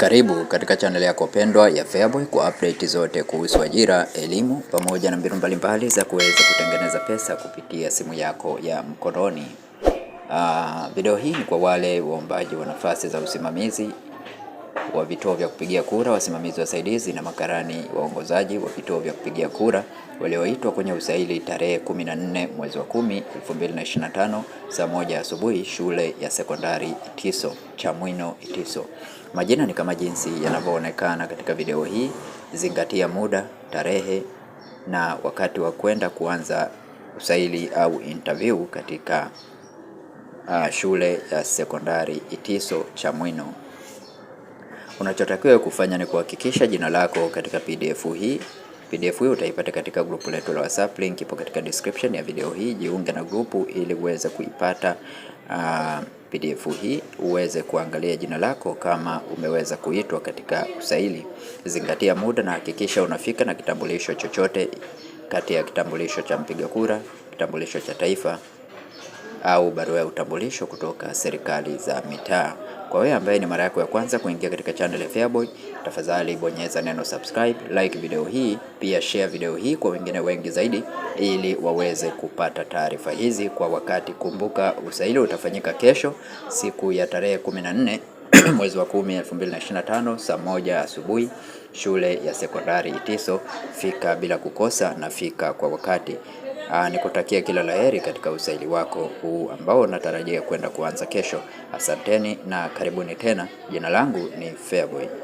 Karibu katika chaneli yako pendwa ya Feaboy kwa update zote kuhusu ajira, elimu pamoja na mbinu mbalimbali za kuweza kutengeneza pesa kupitia simu yako ya mkononi. Uh, video hii ni kwa wale waombaji wa nafasi za usimamizi wa vituo vya kupigia kura, wasimamizi wasaidizi na makarani waongozaji wa vituo vya kupigia kura walioitwa kwenye usaili tarehe 14 mwezi wa 10 2025 saa moja asubuhi, shule ya sekondari Itiso Chamwino Itiso. Majina ni kama jinsi yanavyoonekana katika video hii. Zingatia muda, tarehe na wakati wa kwenda kuanza usaili au interview katika uh, shule ya sekondari Itiso Chamwino. Unachotakiwa kufanya ni kuhakikisha jina lako katika PDF hii. PDF hii utaipata katika grupu letu la WhatsApp, link ipo katika description ya video hii. Jiunge na grupu ili uweze kuipata uh, ah, PDF hii uweze kuangalia jina lako kama umeweza kuitwa katika usaili. Zingatia muda na hakikisha unafika na kitambulisho chochote kati ya kitambulisho cha mpiga kura, kitambulisho cha taifa au barua ya utambulisho kutoka serikali za mitaa. Kwa wewe ambaye ni mara yako ya kwanza kuingia katika channel ya FEABOY, tafadhali bonyeza neno subscribe, like video hii, pia share video hii kwa wengine wengi zaidi, ili waweze kupata taarifa hizi kwa wakati. Kumbuka usaili utafanyika kesho, siku ya tarehe 14 mwezi wa 10 2025, saa moja asubuhi, shule ya sekondari Itiso. Fika bila kukosa na fika kwa wakati. Ah, ni kutakia kila laheri katika usaili wako huu ambao unatarajia kwenda kuanza kesho. Asanteni na karibuni tena. Jina langu ni fairboy